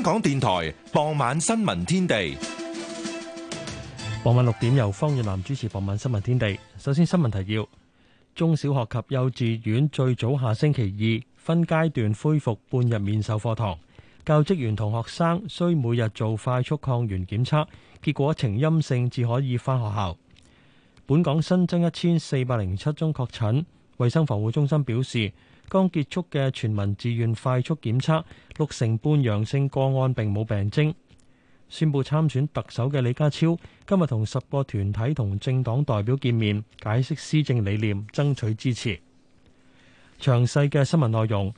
香港電台傍晚新聞天地。傍晚六點由方遠南主持傍晚新聞天地。首先新聞提要：中小學及幼稚園最早下星期二分階段恢復半日面授課堂，教職員同學生需每日做快速抗原檢測，結果呈陰性至可以返學校。本港新增一千四百零七宗確診，衛生防護中心表示。剛結束嘅全民自願快速檢測，六成半陽性個案並冇病徵。宣布參選特首嘅李家超今日同十個團體同政黨代表見面，解釋施政理念，爭取支持。詳細嘅新聞內容：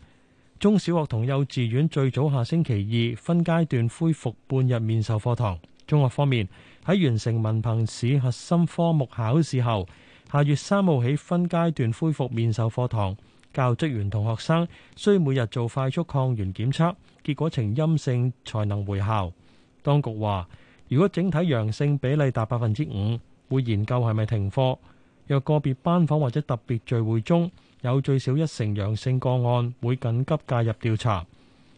中小學同幼稚園最早下星期二分階段恢復半日面授課堂。中學方面喺完成文憑試核心科目考試後，下月三號起分階段恢復面授課堂。教職員同學生需每日做快速抗原檢測，結果呈陰性才能回校。當局話，如果整體陽性比例達百分之五，會研究係咪停課。若個別班房或者特別聚會中有最少一成陽性個案，會緊急介入調查。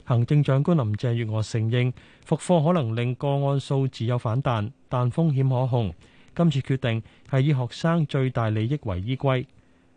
行政長官林鄭月娥承認復課可能令個案數字有反彈，但風險可控。今次決定係以學生最大利益為依歸。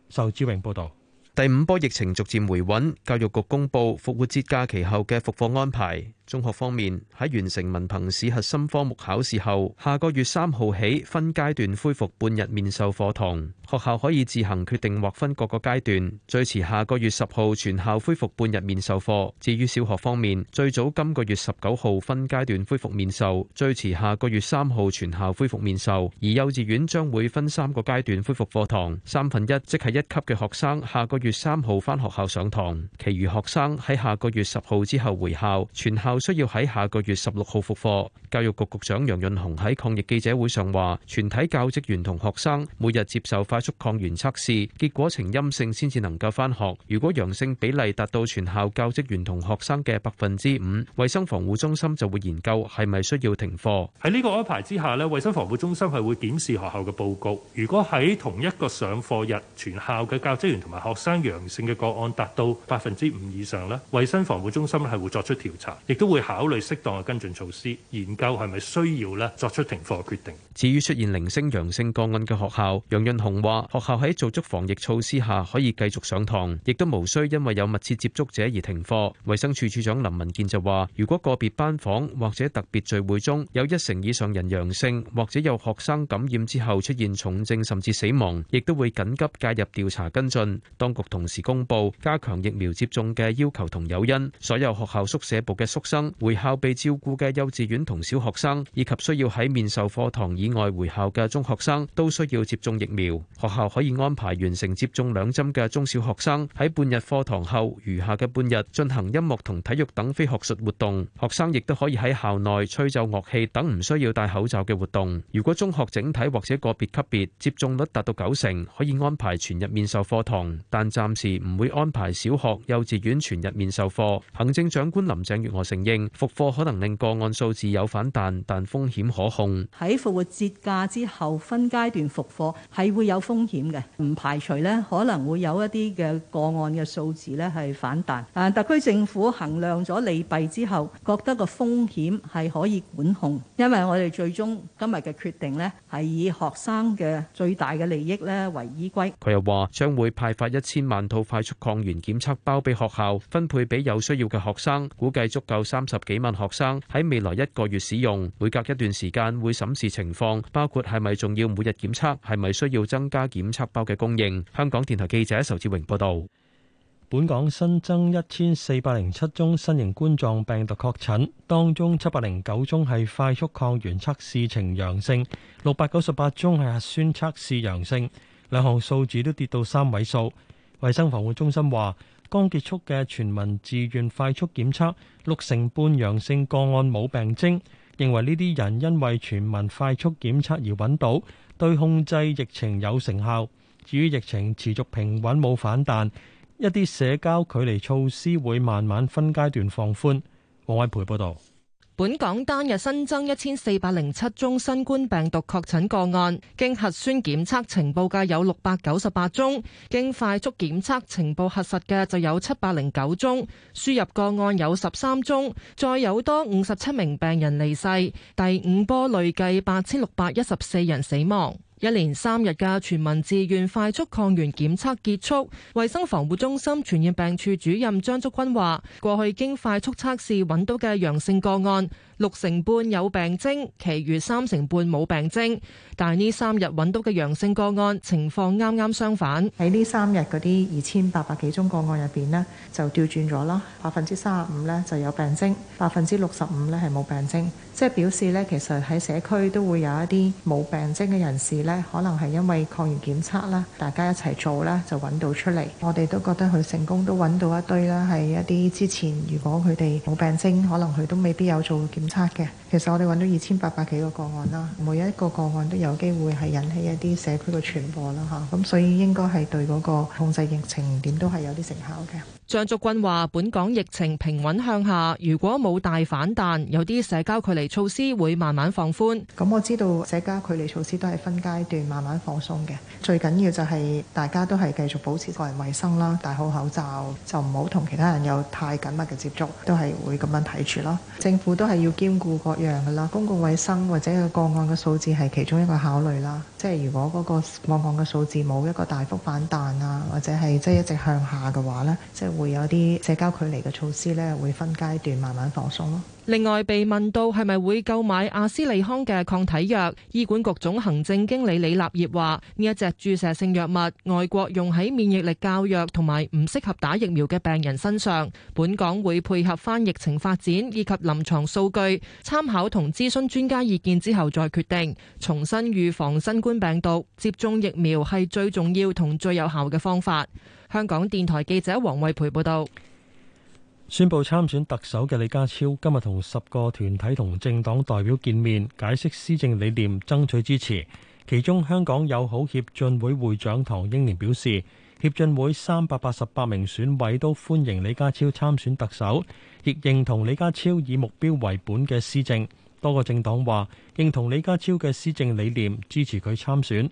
仇志榮報導。第五波疫情逐漸回穩，教育局公布復活節假期後嘅復課安排。中學方面喺完成文憑試核心科目考試後，下個月三號起分階段恢復半日面授課堂，學校可以自行決定劃分各個階段，最遲下個月十號全校恢復半日面授課。至於小學方面，最早今個月十九號分階段恢復面授，最遲下個月三號全校恢復面授。而幼稚園將會分三個階段恢復課堂，三分一即係一級嘅學生下個月三號返學校上堂，其餘學生喺下個月十號之後回校，全校。需要喺下個月十六號復課。教育局局長楊潤雄喺抗疫記者會上話，全體教職員同學生每日接受快速抗原測試，結果呈陰性先至能夠翻學。如果陽性比例達到全校教職員同學生嘅百分之五，衛生防護中心就會研究係咪需要停課。喺呢個安排之下咧，衛生防護中心係會檢視學校嘅報告。如果喺同一個上課日，全校嘅教職員同埋學生陽性嘅個案達到百分之五以上咧，衛生防護中心咧係會作出調查，亦都。會考慮適當嘅跟進措施，研究係咪需要咧作出停課決定。至於出現零星陽性個案嘅學校，楊潤雄話：學校喺做足防疫措施下，可以繼續上堂，亦都無需因為有密切接觸者而停課。衛生署署長林文健就話：如果個別班房或者特別聚會中有一成以上人陽性，或者有學生感染之後出現重症甚至死亡，亦都會緊急介入調查跟進。當局同時公布加強疫苗接種嘅要求同誘因，所有學校宿舍部嘅宿生。回校被照顧嘅幼稚園同小學生，以及需要喺面授課堂以外回校嘅中學生，都需要接種疫苗。學校可以安排完成接種兩針嘅中小學生喺半日課堂後，餘下嘅半日進行音樂同體育等非學術活動。學生亦都可以喺校內吹奏樂器等唔需要戴口罩嘅活動。如果中學整體或者個別級別接種率達到九成，可以安排全日面授課堂，但暫時唔會安排小學、幼稚園全日面授課。行政長官林鄭月娥承。復課可能令個案數字有反彈，但風險可控。喺復活節假之後分階段復課係會有風險嘅，唔排除呢可能會有一啲嘅個案嘅數字呢係反彈。啊，特區政府衡量咗利弊之後，覺得個風險係可以管控，因為我哋最終今日嘅決定呢係以學生嘅最大嘅利益呢為依歸。佢又話將會派發一千萬套快速抗原檢測包俾學校，分配俾有需要嘅學生，估計足夠三三十幾萬學生喺未來一個月使用，每隔一段時間會審視情況，包括係咪仲要每日檢測，係咪需要增加檢測包嘅供應。香港電台記者仇志榮報道。本港新增一千四百零七宗新型冠狀病毒確診，當中七百零九宗係快速抗原測試呈陽性，六百九十八宗係核酸測試陽性，兩項數字都跌到三位數。衛生防護中心話。剛結束嘅全民自願快速檢測，六成半陽性個案冇病徵，認為呢啲人因為全民快速檢測而揾到，對控制疫情有成效。至於疫情持續平穩冇反彈，一啲社交距離措施會慢慢分階段放寬。黃偉培報導。本港單日新增一千四百零七宗新冠病毒確診個案，經核酸檢測呈報嘅有六百九十八宗，經快速檢測呈報核實嘅就有七百零九宗，輸入個案有十三宗，再有多五十七名病人離世，第五波累計八千六百一十四人死亡。一連三日嘅全民自願快速抗原檢測結束，衛生防護中心傳染病處主任張竹君話：過去經快速測試揾到嘅陽性個案，六成半有病徵，其餘三成半冇病徵。但係呢三日揾到嘅陽性個案情況啱啱相反，喺呢三日嗰啲二千八百幾宗個案入邊呢就調轉咗啦，百分之三十五呢就有病徵，百分之六十五呢係冇病徵，即係表示呢其實喺社區都會有一啲冇病徵嘅人士。咧可能係因為抗原檢測啦，大家一齊做啦就揾到出嚟。我哋都覺得佢成功都揾到一堆啦，係一啲之前如果佢哋冇病徵，可能佢都未必有做檢測嘅。其實我哋揾到二千八百幾個個案啦，每一個個案都有機會係引起一啲社區嘅傳播啦，嚇。咁所以應該係對嗰個控制疫情點都係有啲成效嘅。張竹君話：本港疫情平穩向下，如果冇大反彈，有啲社交距離措施會慢慢放寬。咁、嗯、我知道社交距離措施都係分階段慢慢放鬆嘅。最緊要就係大家都係繼續保持個人衛生啦，戴好口罩，就唔好同其他人有太緊密嘅接觸，都係會咁樣睇住咯。政府都係要兼顧各樣噶啦，公共衛生或者個案嘅數字係其中一個考慮啦。即係如果嗰個個案嘅數字冇一個大幅反彈啊，或者係即係一直向下嘅話呢。即係。會有啲社交距離嘅措施呢，會分階段慢慢放鬆咯。另外，被問到係咪會購買阿斯利康嘅抗體藥，醫管局總行政經理李立業話：呢一隻注射性藥物，外國用喺免疫力較弱同埋唔適合打疫苗嘅病人身上。本港會配合翻疫情發展以及臨床數據，參考同諮詢專家意見之後再決定。重新預防新冠病毒，接種疫苗係最重要同最有效嘅方法。香港電台記者王慧培報道：宣布參選特首嘅李家超今日同十個團體同政黨代表見面，解釋施政理念，爭取支持。其中，香港友好協進會會長唐英年表示，協進會三百八十八名選委都歡迎李家超參選特首，亦認同李家超以目標為本嘅施政。多個政黨話認同李家超嘅施政理念，支持佢參選。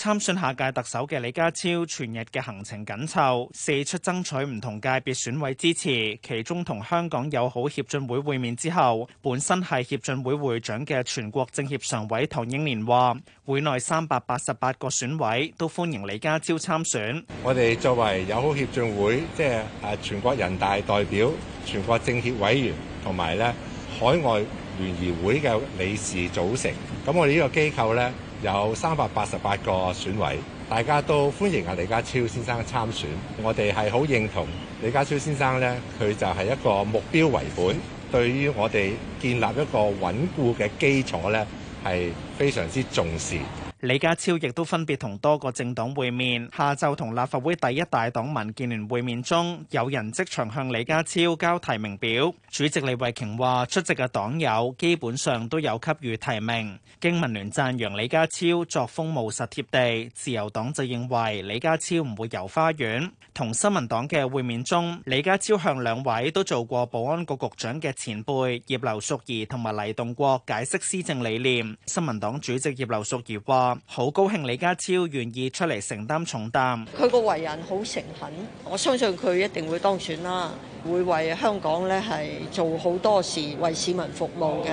參選下屆特首嘅李家超，全日嘅行程緊湊，四出爭取唔同界別選委支持。其中同香港友好協進會會面之後，本身係協進會會長嘅全國政協常委唐英年話：會內三百八十八個選委都歡迎李家超參選。我哋作為友好協進會，即係誒全國人大代表、全國政協委員同埋咧海外聯誼會嘅理事組成，咁我哋呢個機構咧。有三百八十八個選委，大家都歡迎啊李家超先生參選。我哋係好認同李家超先生呢，佢就係一個目標為本，對於我哋建立一個穩固嘅基礎呢，係非常之重視。李家超亦都分別同多個政黨會面，下晝同立法會第一大黨民建聯會面中，有人即場向李家超交提名表。主席李慧瓊話：出席嘅黨友基本上都有給予提名。經民聯讚揚李家超作風務實貼地，自由黨就認為李家超唔會遊花園。同新民黨嘅會面中，李家超向兩位都做過保安局局長嘅前輩葉劉淑儀同埋黎棟國解釋施政理念。新民黨主席葉劉淑儀話。好高興李家超願意出嚟承擔重擔，佢個為人好誠懇，我相信佢一定會當選啦，會為香港咧係做好多事，為市民服務嘅。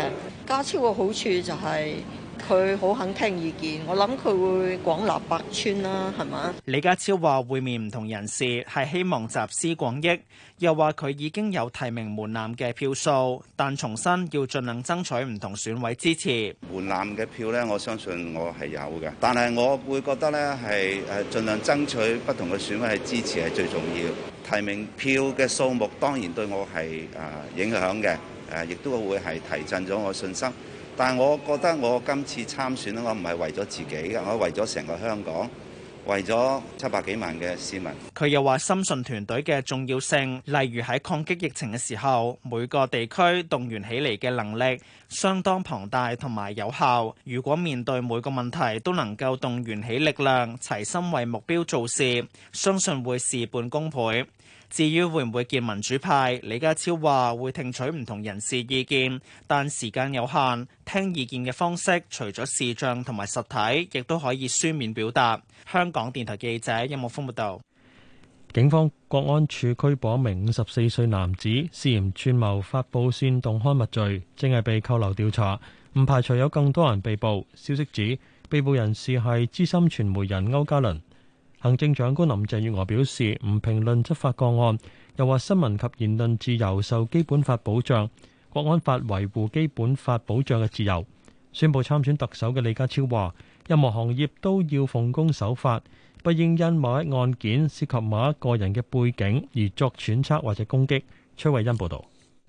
家超嘅好處就係，是。佢好肯聽意見，我諗佢會廣納百川啦，係嘛？李家超話會面唔同人士係希望集思廣益，又話佢已經有提名門檻嘅票數，但重申要盡量爭取唔同選委支持門檻嘅票咧，我相信我係有嘅，但係我會覺得咧係誒儘量爭取不同嘅選委係支持係最重要，提名票嘅數目當然對我係誒影響嘅誒，亦都會係提振咗我信心。但我覺得我今次參選，我唔係為咗自己，我為咗成個香港，為咗七百幾萬嘅市民。佢又話深信團隊嘅重要性，例如喺抗擊疫情嘅時候，每個地區動員起嚟嘅能力相當龐大同埋有效。如果面對每個問題都能夠動員起力量，齊心為目標做事，相信會事半功倍。至於會唔會見民主派？李家超話會聽取唔同人士意見，但時間有限。聽意見嘅方式，除咗視像同埋實體，亦都可以書面表達。香港電台記者音樂風報道。警方國安處拘捕一名五十四歲男子，涉嫌串謀發布煽動刊物罪，正係被扣留調查，唔排除有更多人被捕。消息指被捕人士係資深傳媒人區家麟。行政長官林鄭月娥表示唔評論執法個案，又話新聞及言論自由受基本法保障，國安法維護基本法保障嘅自由。宣布參選特首嘅李家超話：任何行業都要奉公守法，不應因某一案件涉及某一個人嘅背景而作揣測或者攻擊。崔慧欣報導。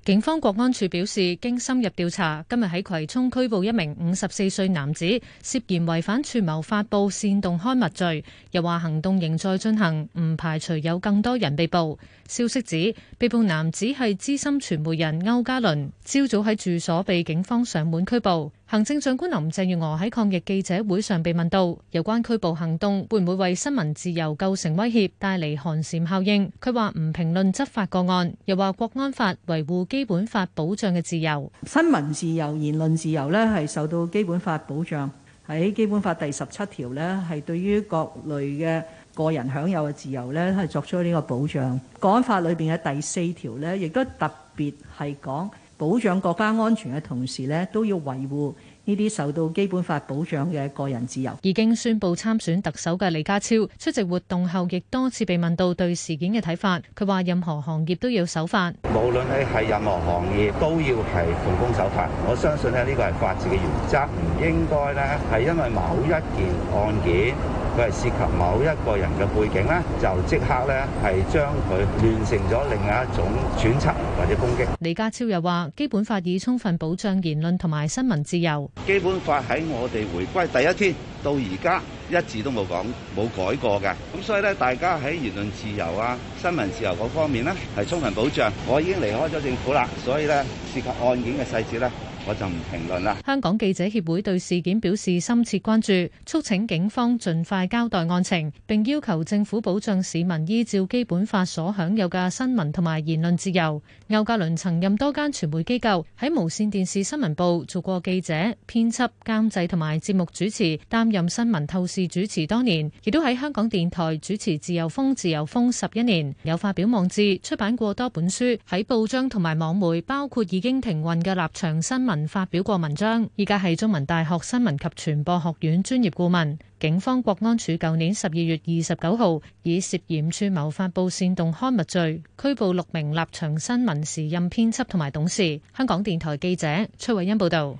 警方國安處表示，經深入調查，今日喺葵涌拘捕一名五十四歲男子，涉嫌違反串謀發布煽動刊物罪。又話行動仍在進行，唔排除有更多人被捕。消息指，被捕男子係資深傳媒人歐嘉倫，朝早喺住所被警方上門拘捕。行政長官林鄭月娥喺抗疫記者會上被問到，有關拘捕行動會唔會為新聞自由構成威脅，帶嚟寒蟬效應，佢話唔評論執法個案，又話國安法維護基本法保障嘅自由。新聞自由、言論自由咧，係受到基本法保障，喺基本法第十七條咧，係對於各類嘅個人享有嘅自由咧，係作出呢個保障。國安法裏邊嘅第四條咧，亦都特別係講。保障國家安全嘅同時呢，都要維護呢啲受到基本法保障嘅個人自由。已經宣佈參選特首嘅李家超出席活動後，亦多次被問到對事件嘅睇法。佢話：任何行業都要守法，無論你係任何行業都要係奉公守法。我相信呢，呢個係法治嘅原則，唔應該呢係因為某一件案件。佢係涉及某一個人嘅背景咧，就即刻咧係將佢亂成咗另外一種揣測或者攻擊。李家超又話：基本法已充分保障言論同埋新聞自由。基本法喺我哋回歸第一天到而家一字都冇講冇改過嘅，咁所以咧大家喺言論自由啊、新聞自由嗰方面咧係充分保障。我已經離開咗政府啦，所以咧涉及案件嘅細節咧。我就唔評論啦。香港記者協會對事件表示深切關注，促請警方盡快交代案情，並要求政府保障市民依照基本法所享有嘅新聞同埋言論自由。歐格倫曾任多間傳媒機構，喺無綫電視新聞部做過記者、編輯、監製同埋節目主持，擔任新聞透視主持多年，亦都喺香港電台主持自由風自由風十一年，有發表網誌、出版過多本書，喺報章同埋網媒，包括已經停運嘅立場新聞發表過文章，依家係中文大學新聞及傳播學院專業顧問。警方國安處舊年十二月二十九號以涉嫌串謀發佈煽動刊物罪拘捕六名立場新聞時任編輯同埋董事。香港電台記者崔慧欣報道，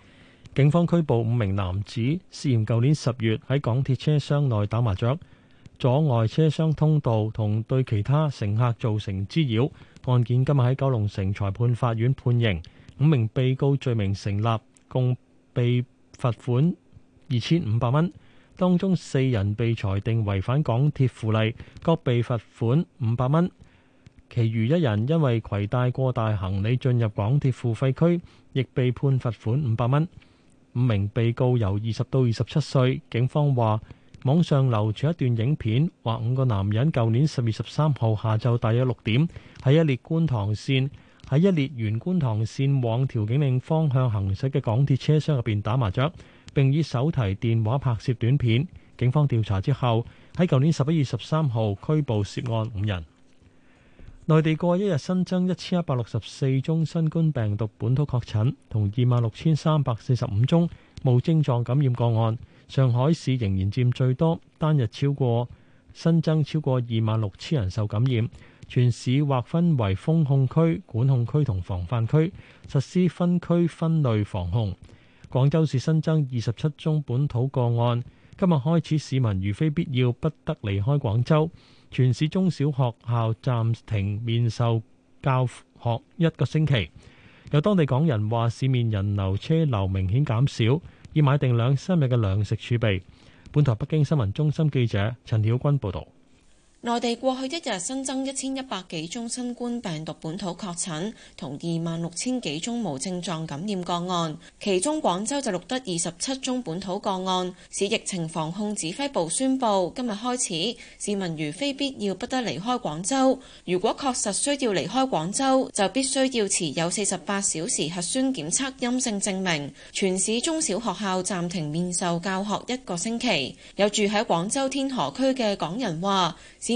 警方拘捕五名男子，涉嫌舊年十月喺港鐵車廂內打麻雀，阻礙車廂通道同對其他乘客造成滋擾。案件今日喺九龍城裁判法院判刑。五名被告罪名成立，共被罰款二千五百蚊。當中四人被裁定違反港鐵附例，各被罰款五百蚊。其餘一人因為攜帶過大行李進入港鐵付費區，亦被判罰款五百蚊。五名被告由二十到二十七歲。警方話網上流傳一段影片，話五個男人舊年十月十三號下晝大約六點喺一列觀塘綫喺一列沿觀塘線往調景嶺方向行駛嘅港鐵車廂入邊打麻雀，並以手提電話拍攝短片。警方調查之後，喺舊年十一月十三號拘捕涉案五人。內地過一日新增一千一百六十四宗新冠病毒本土確診，同二萬六千三百四十五宗無症狀感染個案。上海市仍然佔最多，單日超過新增超過二萬六千人受感染。全市劃分為封控區、管控區同防範區，實施分區分類防控。廣州市新增二十七宗本土個案。今日開始，市民如非必要不得離開廣州。全市中小學校暫停面授教學一個星期。有當地港人話市面人流車流明顯減少，已買定兩三日嘅糧食儲備。本台北京新聞中心記者陳曉君報道。內地過去一日新增一千一百幾宗新冠病毒本土確診，同二萬六千幾宗無症狀感染個案。其中廣州就錄得二十七宗本土個案。市疫情防控指揮部宣布，今日開始市民如非必要不得離開廣州。如果確實需要離開廣州，就必須要持有四十八小時核酸檢測陰性證明。全市中小學校暫停面授教學一個星期。有住喺廣州天河區嘅港人話，市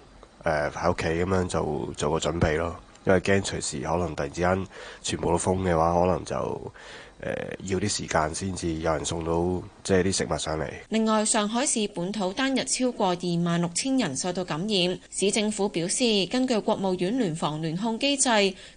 誒喺屋企咁樣做做個準備咯，因為驚隨時可能突然之間全部都封嘅話，可能就、呃、要啲時間先至有人送到。即係啲食物上嚟。另外，上海市本土單日超過二萬六千人受到感染。市政府表示，根據國務院聯防聯控機制，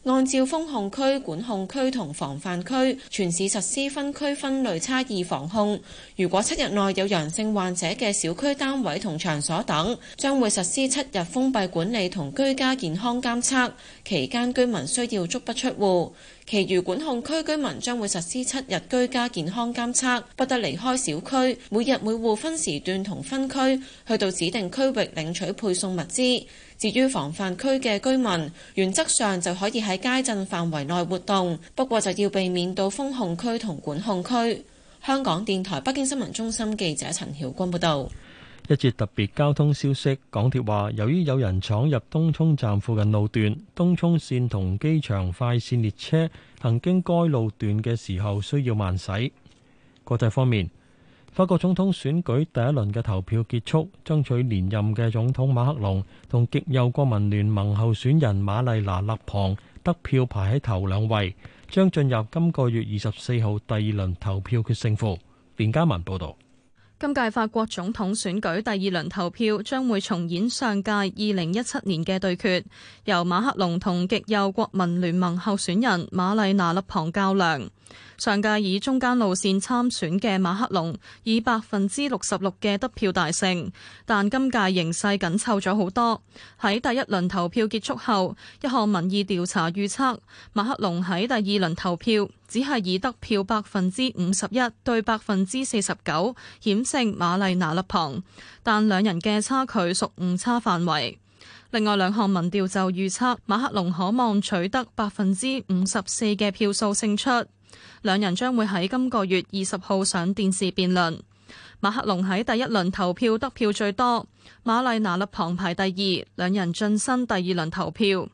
按照封控區、管控區同防範區，全市實施分區分類差異防控。如果七日內有陽性患者嘅小區單位同場所等，將會實施七日封閉管理同居家健康監測，期間居民需要足不出戶。其餘管控區居民將會實施七日居家健康監測，不得離開。小區每日每戶分時段同分區去到指定區域領取配送物資。至於防範區嘅居民，原則上就可以喺街鎮範圍內活動，不過就要避免到封控區同管控區。香港電台北京新聞中心記者陳曉君報道。一節特別交通消息，港鐵話由於有人闖入東涌站附近路段，東涌線同機場快線列車行經該路段嘅時候需要慢駛。國際方面。法國總統選舉第一輪嘅投票結束，爭取連任嘅總統馬克龍同極右國民聯盟候選人瑪麗娜勒龐得票排喺頭兩位，將進入今個月二十四號第二輪投票決勝負。連家文報道，今屆法國總統選舉第二輪投票將會重演上屆二零一七年嘅對決，由馬克龍同極右國民聯盟候選人瑪麗娜勒龐較量。上屆以中間路線參選嘅馬克龍以百分之六十六嘅得票大勝，但今屆形勢緊湊咗好多。喺第一輪投票結束後，一項民意調查預測馬克龍喺第二輪投票只係以得票百分之五十一對百分之四十九險勝瑪麗娜勒龐，但兩人嘅差距屬誤差範圍。另外兩項民調就預測馬克龍可望取得百分之五十四嘅票數勝出。兩人將會喺今個月二十號上電視辯論。馬克龍喺第一輪投票得票最多，馬麗娜勒旁排第二，兩人晉身第二輪投票。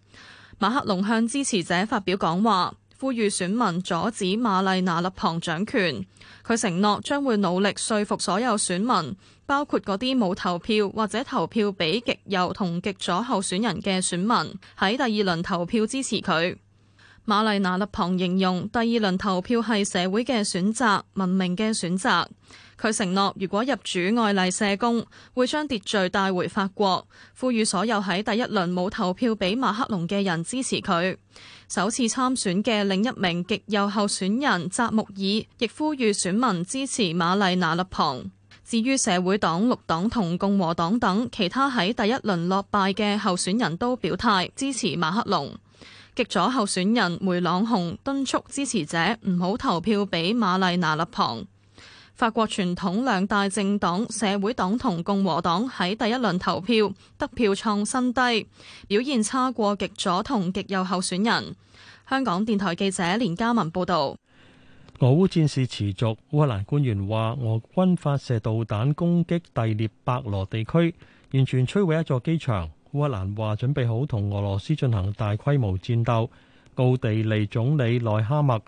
馬克龍向支持者發表講話，呼籲選民阻止馬麗娜勒旁掌權。佢承諾將會努力說服所有選民，包括嗰啲冇投票或者投票俾極右同極左候選人嘅選民，喺第二輪投票支持佢。瑪麗娜·勒龐形容第二輪投票係社會嘅選擇、文明嘅選擇。佢承諾如果入主愛麗舍宮，會將秩序帶回法國，呼籲所有喺第一輪冇投票俾馬克龍嘅人支持佢。首次參選嘅另一名極右候選人扎穆爾亦呼籲選民支持瑪麗娜·勒龐。至於社會黨、綠黨同共和黨等其他喺第一輪落敗嘅候選人都表態支持馬克龍。極左候選人梅朗雄敦促支持者唔好投票俾馬麗娜勒龐，法國傳統兩大政黨社會黨同共和黨喺第一輪投票得票創新低，表現差過極左同極右候選人。香港電台記者連嘉文報道。俄烏戰事持續，烏克蘭官員話俄軍發射導彈攻擊第聶伯羅地區，完全摧毀一座機場。烏克蘭話準備好同俄羅斯進行大規模戰鬥。奧地利總理內哈默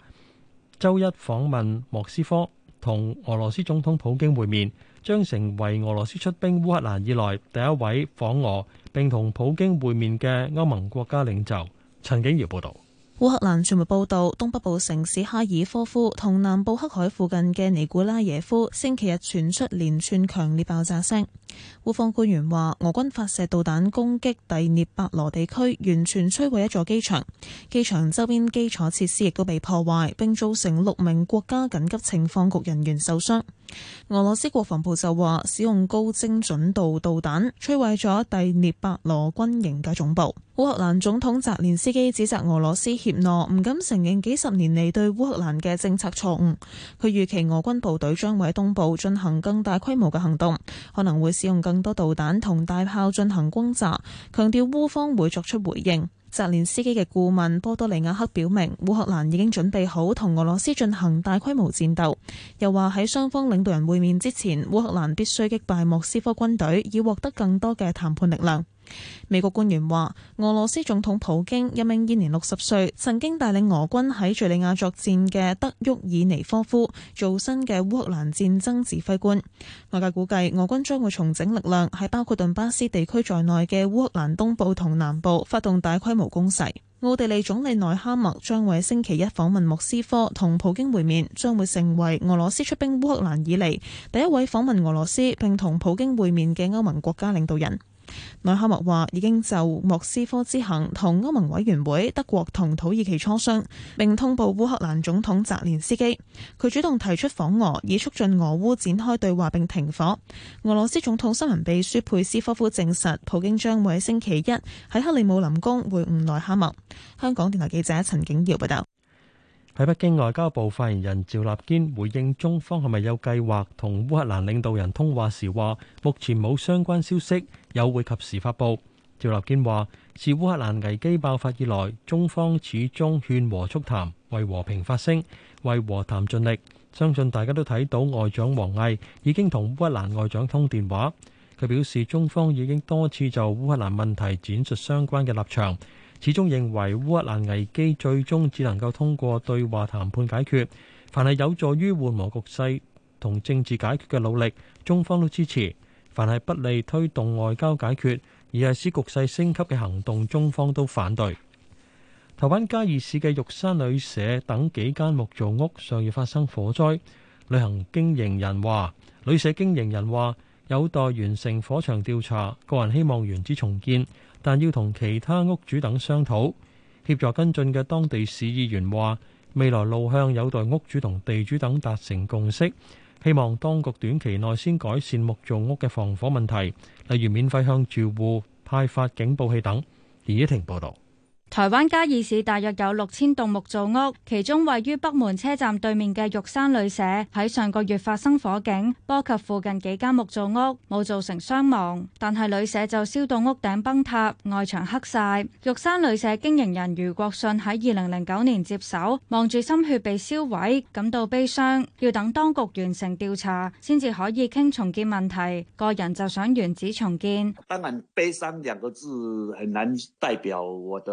周一訪問莫斯科，同俄羅斯總統普京會面，將成為俄羅斯出兵烏克蘭以來第一位訪俄並同普京會面嘅歐盟國家領袖。陳景堯報道。烏克蘭傳媒報道，東北部城市哈爾科夫同南部黑海附近嘅尼古拉耶夫星期日傳出連串強烈爆炸聲。烏方官員話，俄軍發射導彈攻擊第聶伯羅地區，完全摧毀一座機場，機場周邊基礎設施亦都被破壞，並造成六名國家緊急情況局人員受傷。俄羅斯國防部就話，使用高精準度導彈摧毀咗第聶伯羅軍營嘅總部。烏克蘭總統澤連斯基指責俄羅斯怯懦，唔敢承認幾十年嚟對烏克蘭嘅政策錯誤。佢預期俄軍部隊將會喺東部進行更大規模嘅行動，可能會使用更多導彈同大炮進行轟炸，強調烏方會作出回應。澤連斯基嘅顧問波多利亞克表明，烏克蘭已經準備好同俄羅斯進行大規模戰鬥，又話喺雙方領導人會面之前，烏克蘭必須擊敗莫斯科軍隊，以獲得更多嘅談判力量。美國官員話，俄羅斯總統普京一名現年六十歲，曾經帶領俄軍喺敘利亞作戰嘅德沃爾尼科夫做新嘅烏克蘭戰爭指揮官。外界估計，俄軍將會重整力量，喺包括頓巴斯地區在內嘅烏克蘭東部同南部發動大規模攻勢。奧地利總理內哈默將會星期一訪問莫斯科，同普京會面，將會成為俄羅斯出兵烏克蘭以嚟第一位訪問俄羅斯並同普京會面嘅歐盟國家領導人。內哈默話已經就莫斯科之行同歐盟委員會、德國同土耳其磋商，並通報烏克蘭總統澤連斯基。佢主動提出訪俄，以促進俄烏展開對話並停火。俄羅斯總統新聞秘書佩斯科夫證實，普京將會喺星期一喺克里姆林宮會晤內哈默。香港電台記者陳景耀報道。喺北京外交部發言人趙立堅回應中方係咪有計劃同烏克蘭領導人通話時話：目前冇相關消息，有會及時發布。趙立堅話：自烏克蘭危機爆發以來，中方始終勸和促談，為和平發聲，為和談盡力。相信大家都睇到外長王毅已經同烏克蘭外長通電話。佢表示，中方已經多次就烏克蘭問題展述相關嘅立場。始終認為烏克蘭危機最終只能夠通過對話談判解決。凡係有助於緩和局勢同政治解決嘅努力，中方都支持；凡係不利推動外交解決而係使局勢升級嘅行動，中方都反對。台灣嘉義市嘅玉山旅社等幾間木造屋上月發生火災，旅行經營人話：旅社經營人話有待完成火場調查，個人希望原址重建。但要同其他屋主等商討協助跟進嘅當地市議員話，未來路向有待屋主同地主等達成共識，希望當局短期內先改善木造屋嘅防火問題，例如免費向住戶派發警報器等。而一婷報道。台灣嘉義市大約有六千棟木造屋，其中位於北門車站對面嘅玉山旅社喺上個月發生火警，波及附近幾間木造屋，冇造成傷亡，但係旅社就燒到屋頂崩塌，外牆黑晒。玉山旅社經營人余國信喺二零零九年接手，望住心血被燒毀，感到悲傷。要等當局完成調查先至可以傾重建問題，個人就想原址重建。當然，悲傷兩個字很難代表我的。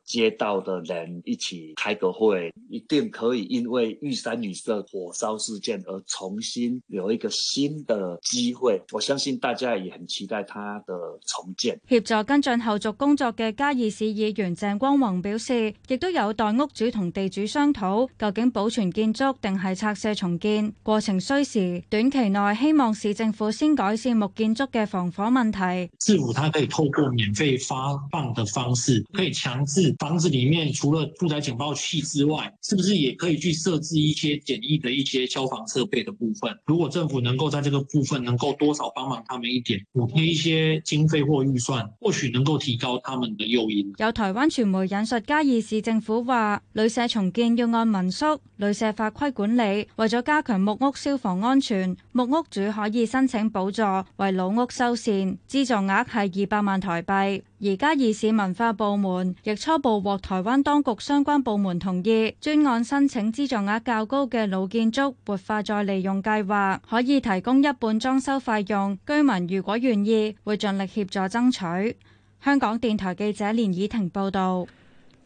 街道的人一起開個會，一定可以因為玉山旅社火燒事件而重新有一個新的機會。我相信大家也很期待它的重建。協助跟進後續工作嘅嘉義市議員鄭光宏錶示，亦都有待屋主同地主商討，究竟保存建築定係拆卸重建。過程需時短期內，希望市政府先改善木建築嘅防火問題。政府它可以透過免費發放嘅方式，可以強制？房子裏面除了住宅警報器之外，是不是也可以去設置一些簡易的一些消防設備的部分？如果政府能夠在這個部分能夠多少幫忙他們一點，補貼一些經費或預算，或許能夠提高他們的誘因。有台灣傳媒引述嘉義市政府話，旅社重建要按民宿旅社法規管理，為咗加強木屋消防安全，木屋主可以申請補助為老屋修繕，資助額係二百萬台幣。而嘉義市文化部門亦初步。獲臺灣當局相關部門同意，專案申請資助額較高嘅老建築活化再利用計劃，可以提供一半裝修費用。居民如果願意，會盡力協助爭取。香港電台記者連以婷報道。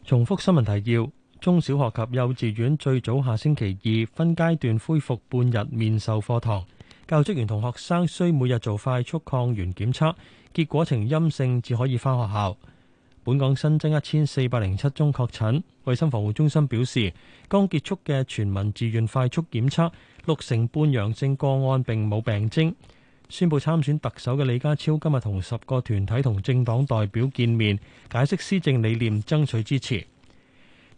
重複新聞提要：中小學及幼稚園最早下星期二分階段恢復半日面授課堂，教職員同學生需每日做快速抗原檢測，結果呈陰性至可以返學校。本港新增一千四百零七宗確診。衛生防護中心表示，剛結束嘅全民自願快速檢測，六成半陽性個案並冇病徵。宣布參選特首嘅李家超今日同十個團體同政黨代表見面，解釋施政理念，爭取支持。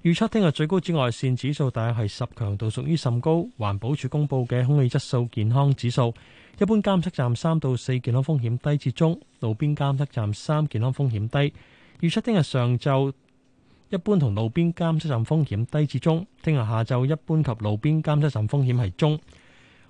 預測聽日最高紫外線指數大約係十強度，屬於甚高。環保署公布嘅空氣質素健康指數，一般監測站三到四健康風險低至中，路邊監測站三健康風險低。預測聽日上晝一般同路邊監測站風險低至中，聽日下晝一般及路邊監測站風險係中。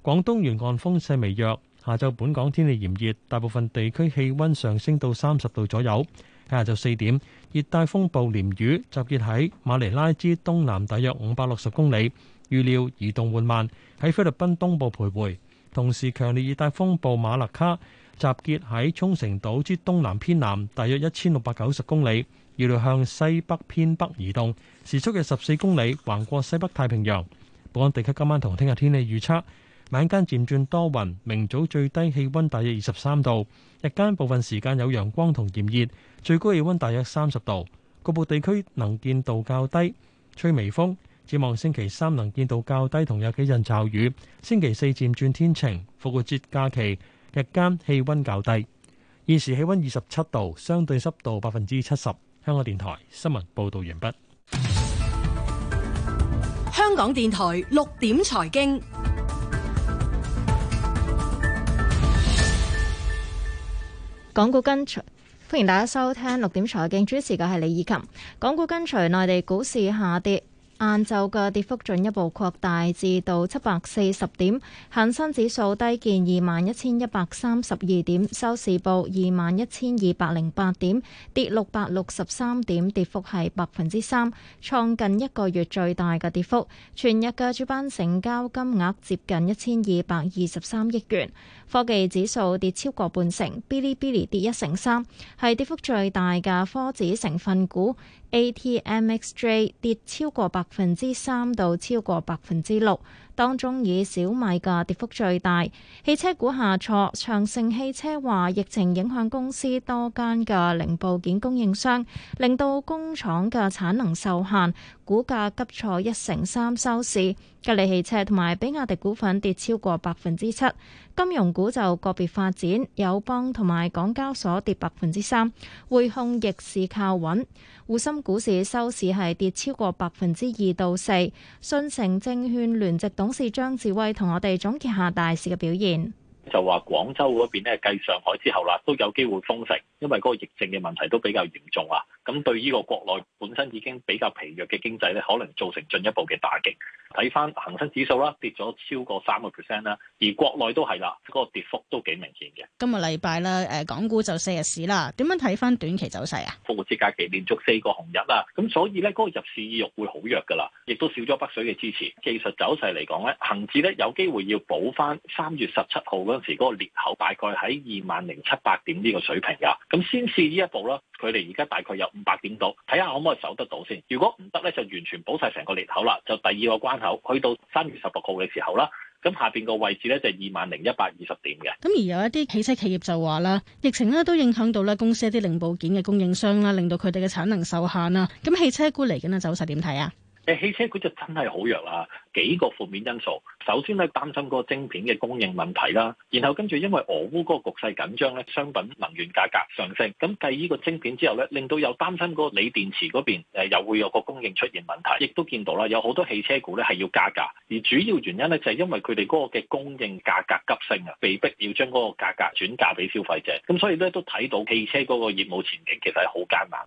廣東沿岸風勢微弱，下晝本港天氣炎熱，大部分地區氣温上升到三十度左右。下晝四點，熱帶風暴鮎魚集結喺馬尼拉之東南大約五百六十公里，預料移動緩慢，喺菲律賓東部徘徊。同時，強烈熱帶風暴馬勒卡，集結喺沖繩島之東南偏南，大約一千六百九十公里，預料向西北偏北移動，時速約十四公里，橫過西北太平洋。本港地區今晚同聽日天氣預測：晚間漸轉多雲，明早最低氣溫大約二十三度，日間部分時間有陽光同炎熱，最高氣溫大約三十度。局部地區能見度較低，吹微風。展望星期三能見度較低，同有幾陣驟雨。星期四漸轉天晴，復活節假期。日間氣溫較低，現時氣溫二十七度，相對濕度百分之七十。香港電台新聞報道完畢。香港電台六點財經，港股跟隨，歡迎大家收聽六點財經，主持嘅係李以琴。港股跟隨內地股市下跌。晏晝嘅跌幅進一步擴大至到七百四十點，恒生指數低見二萬一千一百三十二點，收市報二萬一千二百零八點，跌六百六十三點，跌幅係百分之三，創近一個月最大嘅跌幅。全日嘅主板成交金額接近一千二百二十三億元，科技指數跌超過半成，Bilibili 跌一成三，係跌幅最大嘅科指成分股。A T M X J 跌超過百分之三到超過百分之六。當中以小米嘅跌幅最大，汽車股下挫，長城汽車話疫情影響公司多間嘅零部件供應商，令到工廠嘅產能受限，股價急挫一成三收市。吉利汽車同埋比亞迪股份跌超過百分之七，金融股就個別發展，友邦同埋港交所跌百分之三，匯控逆市靠穩。滬深股市收市係跌超過百分之二到四，信誠證券聯席董董事張志威同我哋總結下大市嘅表現。就話廣州嗰邊咧，繼上海之後啦，都有機會封城，因為嗰個疫症嘅問題都比較嚴重啊。咁對呢個國內本身已經比較疲弱嘅經濟咧，可能造成進一步嘅打擊。睇翻恒生指數啦，跌咗超過三個 percent 啦，而國內都係啦，嗰、那個跌幅都幾明顯嘅。今日禮拜咧，誒、呃、港股就四日市啦。點樣睇翻短期走勢啊？復活節假期連續四個紅日啊，咁所以咧嗰、那個入市意欲會好弱噶啦，亦都少咗北水嘅支持。技術走勢嚟講咧，恆指咧有機會要補翻三月十七號。當時嗰個裂口大概喺二萬零七百點呢個水平噶，咁先試呢一步啦。佢哋而家大概有五百點到，睇下可唔可以守得到先。如果唔得咧，就完全補晒成個裂口啦。就第二個關口去到三月十六號嘅時候啦，咁下邊個位置咧就二萬零一百二十點嘅。咁而有一啲汽車企業就話啦，疫情咧都影響到咧公司一啲零部件嘅供應商啦，令到佢哋嘅產能受限啦。咁汽車股嚟緊嘅走勢點睇啊？誒汽車股就真係好弱啦，幾個負面因素。首先咧，擔心嗰個晶片嘅供應問題啦，然後跟住因為俄烏嗰個局勢緊張咧，商品能源價格上升，咁繼呢個晶片之後咧，令到有擔心嗰個鋰電池嗰邊又會有個供應出現問題，亦都見到啦，有好多汽車股咧係要加價，而主要原因咧就係因為佢哋嗰個嘅供應價格急升啊，被迫要將嗰個價格轉嫁俾消費者，咁所以咧都睇到汽車嗰個業務前景其實係好艱難。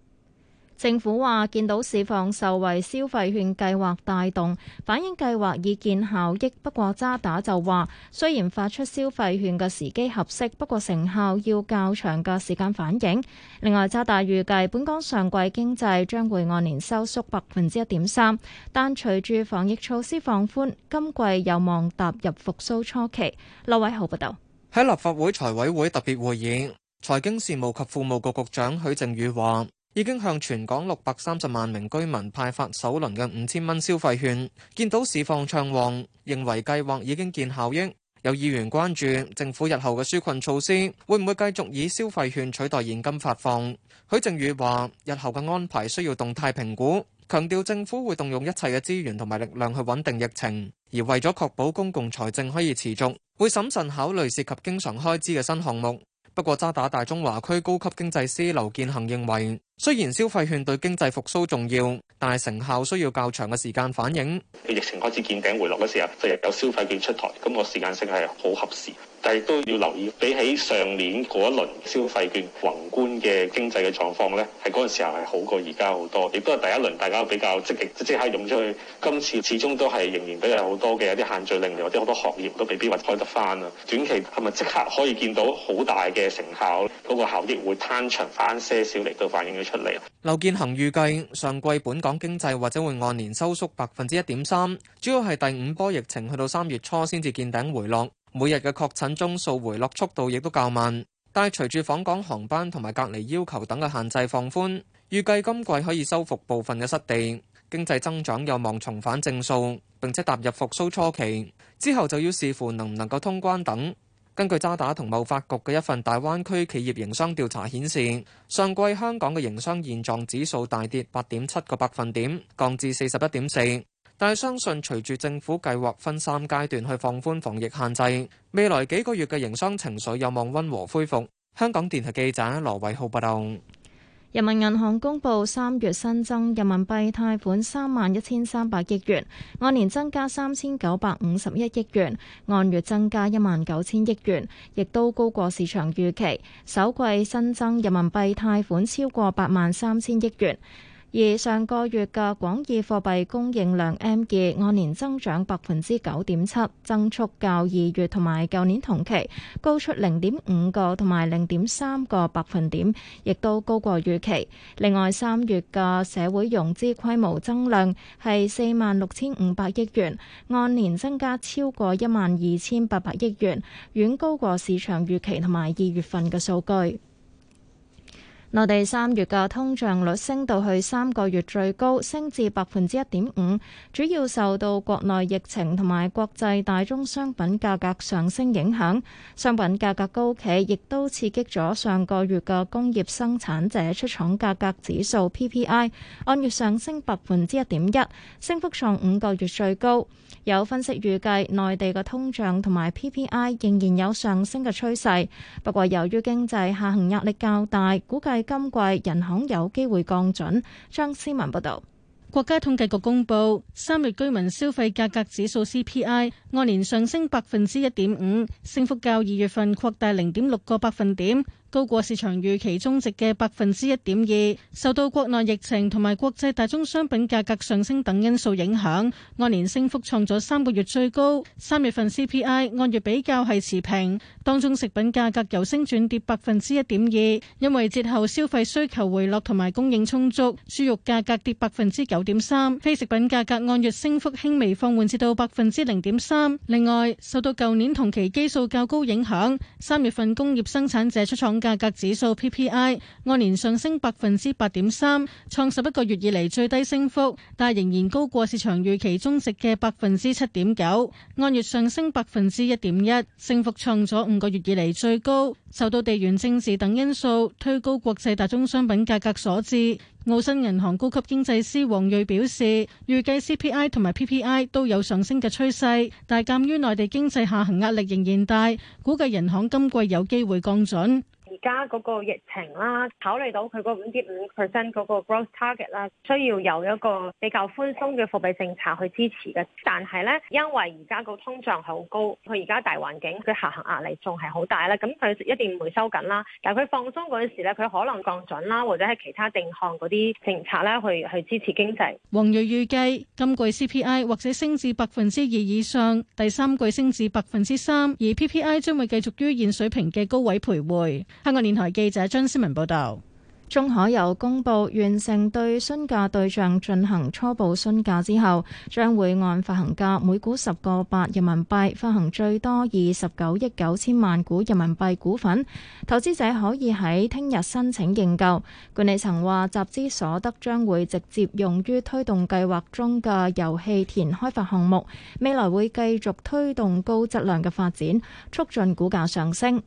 政府話見到市放受惠消費券計劃帶動，反映計劃已見效益。不過渣打就話，雖然發出消費券嘅時機合適，不過成效要較長嘅時間反映。另外，渣打預計本港上季經濟將會按年收縮百分之一點三，但隨住防疫措施放寬，今季有望踏入復甦初期。羅偉豪報導。喺立法會財委會特別會議，財經事務及服務局,局局長許正宇話。已經向全港六百三十萬名居民派發首輪嘅五千蚊消費券，見到市況暢旺，認為計劃已經見效益。有議員關注政府日後嘅紓困措施會唔會繼續以消費券取代現金發放？許正宇話：日後嘅安排需要動態評估，強調政府會動用一切嘅資源同埋力量去穩定疫情，而為咗確保公共財政可以持續，會審慎考慮涉及經常開支嘅新項目。不過渣打大中華區高級經濟師劉建恒認為，雖然消費券對經濟復蘇重要，但係成效需要較長嘅時間反映。疫情開始見頂回落嘅時候，就又有消費券出台，咁個時間性係好合時。但係都要留意，比起上年嗰一輪消費券，宏觀嘅經濟嘅狀況呢係嗰陣時候係好過而家好多，亦都係第一輪大家比較積極，即即刻用出去。今次始終都係仍然比較有好多嘅有啲限聚令，或者好多行業都未必話開得翻啊。短期係咪即刻可以見到好大嘅成效？嗰個效益會攤長翻些少，亦都反映咗出嚟。劉建恒預計上季本港經濟或者會按年收縮百分之一點三，主要係第五波疫情去到三月初先至見頂回落。每日嘅確診宗數回落速度亦都較慢，但係隨住訪港航班同埋隔離要求等嘅限制放寬，預計今季可以收復部分嘅失地，經濟增長有望重返正數，並且踏入復甦初期。之後就要視乎能唔能夠通關等。根據渣打同貿發局嘅一份大灣區企業營商調查顯示，上季香港嘅營商現狀指數大跌八點七個百分點，降至四十一點四。但係相信，隨住政府計劃分三階段去放寬防疫限制，未來幾個月嘅營商情緒有望温和恢復。香港電台記者羅偉浩報道。人民銀行公布三月新增人民幣貸款三萬一千三百億元，按年增加三千九百五十一億元，按月增加一萬九千億元，亦都高過市場預期。首季新增人民幣貸款超過八萬三千億元。而上個月嘅廣義貨幣供應量 M2 按年增長百分之九點七，增速較二月同埋舊年同期高出零點五個同埋零點三個百分點，亦都高過預期。另外，三月嘅社會融資規模增量係四萬六千五百億元，按年增加超過一萬二千八百億元，遠高過市場預期同埋二月份嘅數據。內地三月嘅通脹率升到去三個月最高，升至百分之一點五，主要受到國內疫情同埋國際大宗商品價格上升影響。商品價格高企，亦都刺激咗上個月嘅工業生產者出廠價格指數 （PPI） 按月上升百分之一點一，升幅創五個月最高。有分析預計，內地嘅通脹同埋 PPI 仍然有上升嘅趨勢，不過由於經濟下行壓力較大，估計，今季銀行有機會降準。張思文報道，國家統計局公布三月居民消費價格指數 CPI 按年上升百分之一點五，升幅較二月份擴大零點六個百分點。高過市場預期中值嘅百分之一點二，受到國內疫情同埋國際大宗商品價格上升等因素影響，按年升幅創咗三個月最高。三月份 CPI 按月比較係持平，當中食品價格由升轉跌百分之一點二，因為節後消費需求回落同埋供應充足，豬肉價格跌百分之九點三，非食品價格按月升幅輕微放緩至到百分之零點三。另外，受到舊年同期基數較高影響，三月份工業生產者出廠價格指數 PPI 按年上升百分之八點三，創十一個月以嚟最低升幅，但仍然高過市場預期中值嘅百分之七點九，按月上升百分之一點一，升幅創咗五個月以嚟最高。受到地緣政治等因素推高國際大宗商品價格所致。澳新銀行高級經濟師王瑞表示，預計 CPI 同埋 PPI 都有上升嘅趨勢，但鑒於內地經濟下行壓力仍然大，估計人行今季有機會降準。而家嗰個疫情啦，考慮到佢嗰五點五 percent 嗰個 growth target 啦，需要有一個比較寬鬆嘅貨幣政策去支持嘅。但係咧，因為而家個通脹好高，佢而家大環境佢下行壓力仲係好大咧，咁佢一定唔會收緊啦。但係佢放鬆嗰陣時咧，佢可能降準啦，或者喺其他定向嗰啲政策咧去去支持經濟。王睿預計今季 CPI 或者升至百分之二以上，第三季升至百分之三，而 PPI 將會繼續於現水平嘅高位徘徊。香港電台記者張思文報道，中海油公布完成對詢價對象進行初步詢價之後，將會按發行價每股十個八人民幣發行最多二十九億九千萬股人民幣股份，投資者可以喺聽日申請認購。管理層話集資所得將會直接用於推動計劃中嘅油氣田開發項目，未來會繼續推動高質量嘅發展，促進股價上升。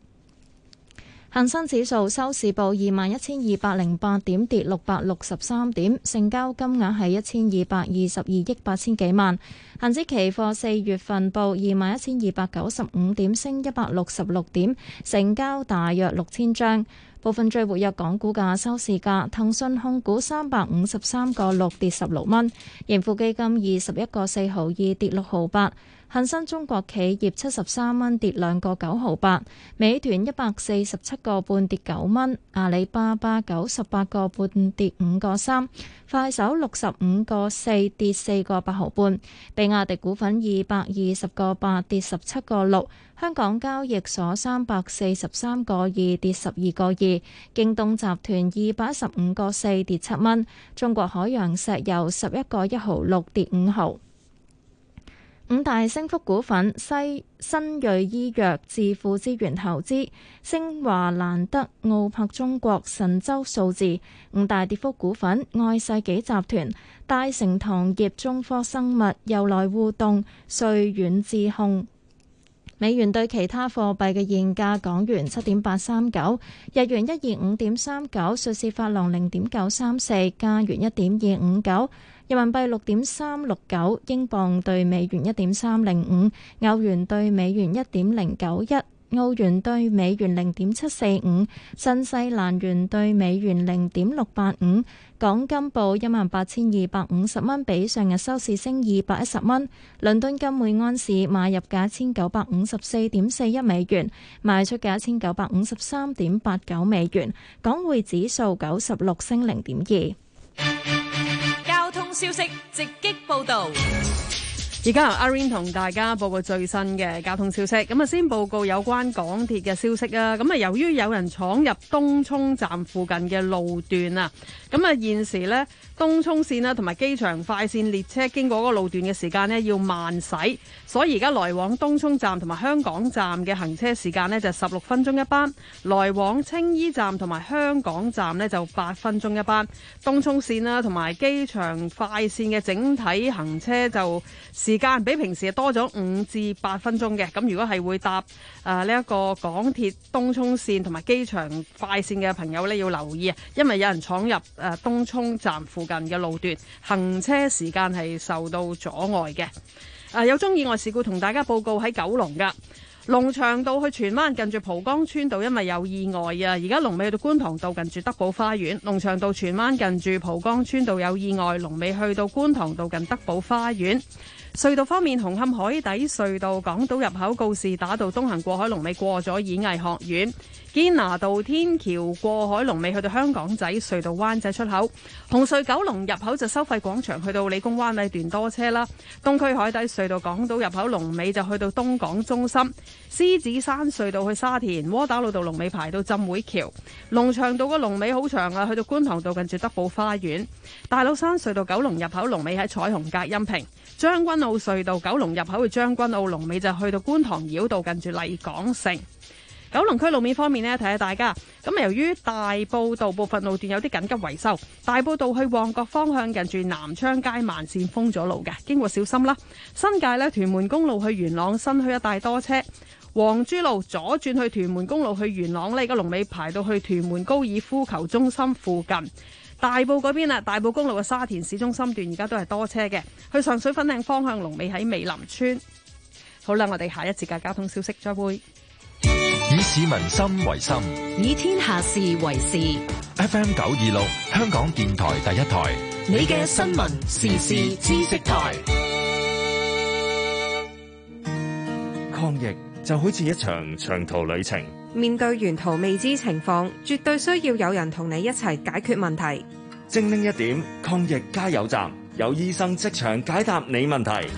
恒生指數收市報二萬一千二百零八點，跌六百六十三點，成交金額係一千二百二十二億八千幾萬。恒指期貨四月份報二萬一千二百九十五點，升一百六十六點，成交大約六千張。部分最活躍港股價收市價，騰訊控股三百五十三個六跌十六蚊，盈富基金二十一個四毫二跌六毫八。恒生中國企業七十三蚊跌兩個九毫八，美團一百四十七個半跌九蚊，阿里巴巴九十八個半跌五個三，快手六十五個四跌四個八毫半，比亞迪股份二百二十個八跌十七個六，香港交易所三百四十三個二跌十二個二，京東集團二百一十五個四跌七蚊，中國海洋石油十一個一毫六跌五毫。五大升幅股份：西新銳醫藥、致富資源投資、星華蘭德、澳珀中國、神州數字。五大跌幅股份：愛世紀集團、大成糖業、中科生物、遊來互動、瑞遠智控。美元對其他貨幣嘅現價：港元七點八三九，日元一二五點三九，瑞士法郎零點九三四，加元一點二五九。人民幣六點三六九，英鎊兌美元一點三零五，歐元兌美元一點零九一，澳元兌美元零點七四五，新西蘭元兌美元零點六八五。港金報一萬八千二百五十蚊，比上日收市升二百一十蚊。倫敦金每安士買入價一千九百五十四點四一美元，賣出價一千九百五十三點八九美元。港匯指數九十六升零點二。消息直擊報導。而家由阿 Ring 同大家報告最新嘅交通消息。咁啊，先報告有關港鐵嘅消息啊，咁啊，由於有人闖入東涌站附近嘅路段啊，咁啊，現時咧東涌綫啦同埋機場快綫列車經過嗰個路段嘅時間咧要慢駛，所以而家來往東涌站同埋香港站嘅行車時間咧就十六分鐘一班，來往青衣站同埋香港站咧就八分鐘一班。東涌綫啦同埋機場快綫嘅整體行車就。時間比平時多咗五至八分鐘嘅咁。如果係會搭誒呢一個港鐵東涌線同埋機場快線嘅朋友呢，要留意啊，因為有人闖入誒、呃、東涌站附近嘅路段，行車時間係受到阻礙嘅。誒、呃、有宗意外事故同大家報告，喺九龍噶龍翔道去荃灣近住蒲崗村道，因為有意外啊。而家龍尾去到觀塘道近住德寶花園，龍翔道荃灣近住蒲崗村道有意外，龍尾去到觀塘道近德寶花園。隧道方面，紅磡海底隧道港島入口告士打道東行過海龍尾過咗演藝學院，堅拿道天橋過海龍尾去到香港仔隧道灣仔出口，紅隧九龍入口就收費廣場去到理工灣尾段多車啦。東區海底隧道港島入口龍尾就去到東港中心，獅子山隧道去沙田窩打老道龍尾排到浸會橋，龍翔道個龍尾好長啊，去到觀塘道近住德寶花園，大老山隧道九龍入口龍尾喺彩虹隔音屏將軍澳隧道九龍入口嘅將軍澳龍尾就去到觀塘繞道近住麗港城。九龍區路面方面呢，提下大家。咁啊，由於大埔道部分路段有啲緊急維修，大埔道去旺角方向近住南昌街慢綫封咗路嘅，經過小心啦。新界咧屯門公路去元朗新墟一帶多車，黃珠路左轉去屯門公路去元朗呢，個龍尾排到去屯門高爾夫球中心附近。大埔嗰邊啦，大埔公路嘅沙田市中心段而家都係多車嘅，去上水粉嶺方向龍尾喺美林村。好啦，我哋下一節嘅交通消息再會。以市民心為心，以天下事為事。FM 九二六，香港電台第一台。你嘅新聞時事知識台。抗疫。就好似一場長途旅程，面對沿途未知情況，絕對需要有人同你一齊解決問題。精靈一點抗疫加油站有醫生即場解答你問題。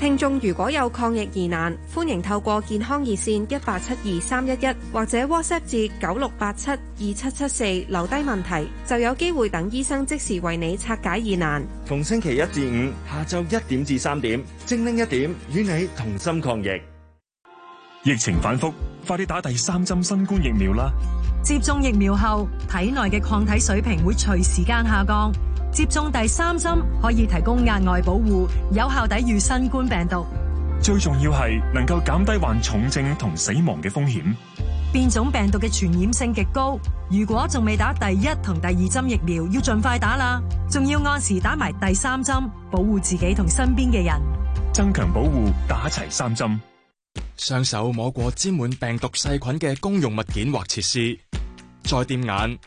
聽眾如果有抗疫疑難，歡迎透過健康熱線一八七二三一一或者 WhatsApp 至九六八七二七七四留低問題，就有機會等醫生即時為你拆解疑難。逢星期一至五下晝一點至三點，精靈一點與你同心抗疫。疫情反覆，快啲打第三針新冠疫苗啦！接種疫苗後，體內嘅抗體水平會隨時間下降。接種第三針可以提供額外保護，有效抵禦新冠病毒。最重要係能夠減低患重症同死亡嘅風險。變種病毒嘅傳染性極高，如果仲未打第一同第二針疫苗，要盡快打啦！仲要按時打埋第三針，保護自己同身邊嘅人，增強保護，打齊三針。雙手摸過沾滿病毒細菌嘅公用物件或設施，再掂眼。